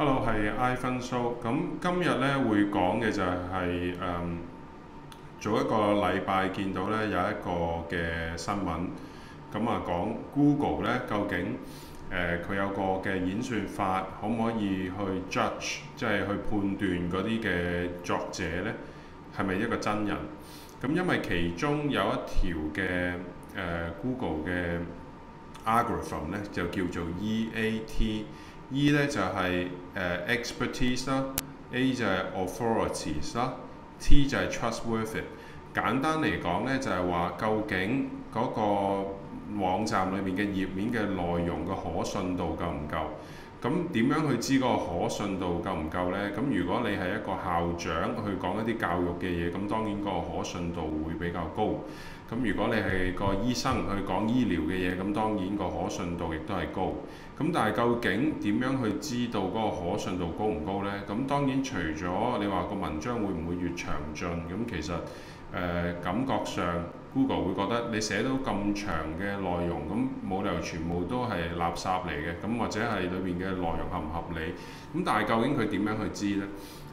Hello，係 iPhone Show。咁今日咧會講嘅就係誒，早一個禮拜見到咧有一個嘅新聞，咁啊講 Google 咧究竟誒佢有個嘅演算法可唔可以去 judge，即係去判斷嗰啲嘅作者咧係咪一個真人？咁因為其中有一條嘅誒 Google 嘅 algorithm 咧就叫做 EAT。E 咧就係、是 uh, expertise 啦，A 就係 authorities 啦，T 就係 trustworthy。簡單嚟講咧，就係、是、話究竟嗰個網站裏面嘅頁面嘅內容嘅可信度夠唔夠？咁點樣去知個可信度夠唔夠呢？咁如果你係一個校長去講一啲教育嘅嘢，咁當然個可信度會比較高。咁如果你係個醫生去講醫療嘅嘢，咁當然個可信度亦都係高。咁但係究竟點樣去知道嗰個可信度高唔高呢？咁當然除咗你話個文章會唔會越詳盡，咁其實誒、呃、感覺上。Google 會覺得你寫到咁長嘅內容，咁冇理由全部都係垃圾嚟嘅，咁或者係裏面嘅內容合唔合理？咁但係究竟佢點樣去知呢？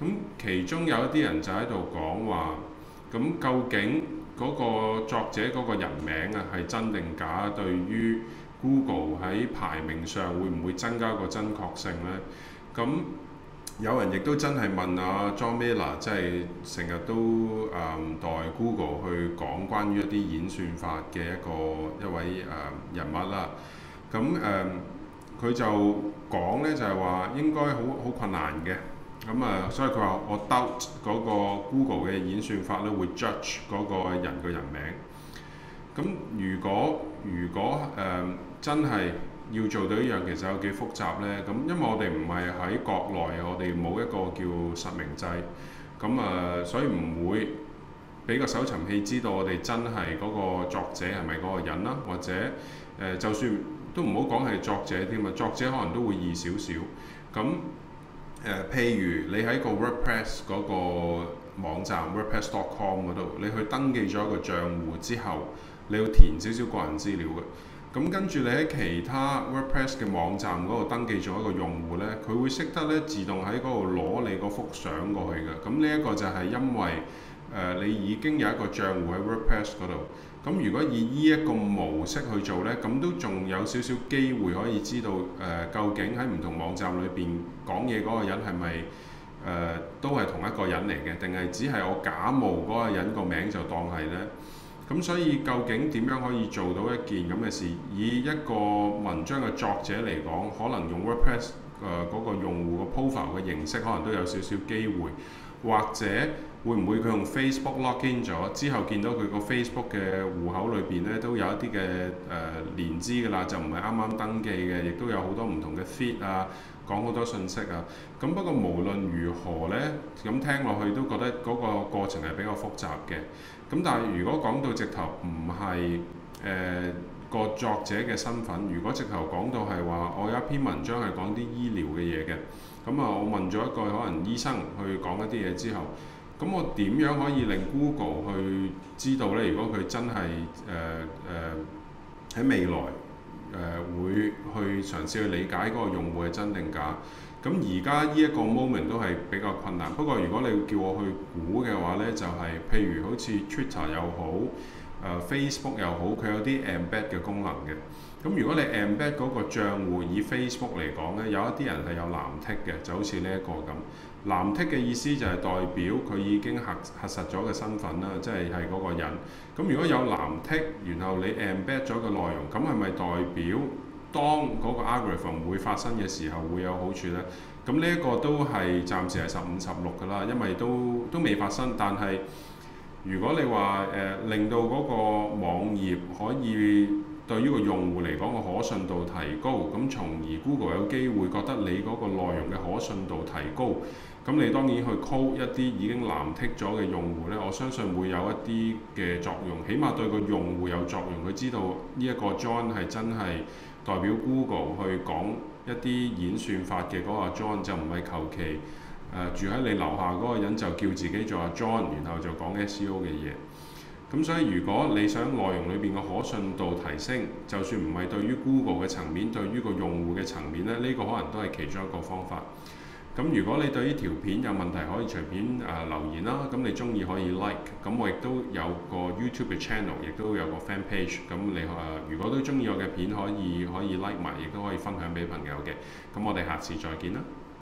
咁其中有一啲人就喺度講話，「咁究竟嗰個作者嗰個人名啊係真定假？對於 Google 喺排名上會唔會增加個真確性呢？」咁。有人亦、啊、都真係問阿 John Miller，即係成日都誒代 Google 去講關於一啲演算法嘅一個一位誒、呃、人物啦。咁誒佢就講呢，就係、是、話應該好好困難嘅。咁、嗯、啊、呃，所以佢話我 doubt 嗰個 Google 嘅演算法呢會 judge 嗰個人嘅人名。咁、嗯、如果如果誒、呃、真係，要做到呢樣其實有幾複雜呢，咁因為我哋唔係喺國內，我哋冇一個叫實名制，咁啊，所以唔會俾個搜尋器知道我哋真係嗰個作者係咪嗰個人啦，或者誒就算都唔好講係作者添啊，作者可能都會易少少。咁誒，譬如你喺個 WordPress 嗰個網站 WordPress.com 嗰度，你去登記咗一個賬戶之後，你要填少少個人資料嘅。咁跟住你喺其他 WordPress 嘅網站嗰度登記咗一個用戶呢，佢會識得呢自動喺嗰度攞你嗰幅相過去嘅。咁呢一個就係因為誒、呃、你已經有一個賬戶喺 WordPress 嗰度。咁如果以呢一個模式去做呢，咁都仲有少少機會可以知道誒、呃、究竟喺唔同網站裏邊講嘢嗰個人係咪誒都係同一個人嚟嘅，定係只係我假冒嗰個人個名就當係呢。咁所以究竟點樣可以做到一件咁嘅事？以一個文章嘅作者嚟講，可能用 WordPress 誒、呃嗰個用戶嘅 profile 嘅形式，可能都有少少機會。或者會唔會佢用 Facebook log in 咗之後見到佢個 Facebook 嘅戶口裏邊呢，都有一啲嘅誒連資㗎啦，就唔係啱啱登記嘅，亦都有好多唔同嘅 feed 啊，講好多信息啊。咁不過無論如何呢，咁聽落去都覺得嗰個過程係比較複雜嘅。咁但係如果講到直頭唔係誒。呃個作者嘅身份，如果直頭講到係話，我有一篇文章係講啲醫療嘅嘢嘅，咁啊，我問咗一句可能醫生去講一啲嘢之後，咁我點樣可以令 Google 去知道呢？如果佢真係誒誒喺未來誒、呃、會去嘗試去理解嗰個用戶係真定假？咁而家呢一個 moment 都係比較困難。不過如果你叫我去估嘅話呢，就係、是、譬如好似 Twitter 又好。Facebook 又好，佢有啲 Embed 嘅功能嘅。咁如果你 Embed 嗰個帳戶，以 Facebook 嚟講咧，有一啲人係有藍剔嘅，就好似呢一個咁。藍剔嘅意思就係代表佢已經核核實咗個身份啦，即係係嗰個人。咁如果有藍剔，然後你 Embed 咗個內容，咁係咪代表當嗰個 agreement 會發生嘅時候會有好處呢？咁呢一個都係暫時係十五十六㗎啦，因為都都未發生，但係。如果你話誒、呃、令到嗰個網頁可以對於個用戶嚟講個可信度提高，咁從而 Google 有機會覺得你嗰個內容嘅可信度提高，咁你當然去 call 一啲已經藍剔咗嘅用戶呢，我相信會有一啲嘅作用，起碼對個用戶有作用，佢知道呢一個 John 係真係代表 Google 去講一啲演算法嘅嗰個 John 就唔係求其。呃、住喺你樓下嗰個人就叫自己做阿 John，然後就講 SEO 嘅嘢。咁所以如果你想內容裏邊嘅可信度提升，就算唔係對於 Google 嘅層面，對於個用戶嘅層面呢，呢、呢個可能都係其中一個方法。咁如果你對呢條片有問題，可以隨便誒、呃、留言啦。咁你中意可以 like。咁我亦都有個 YouTube 嘅 channel，亦都有個 fan page。咁、呃、你如果都中意我嘅片，可以可以 like 埋，亦都可以分享俾朋友嘅。咁我哋下次再見啦。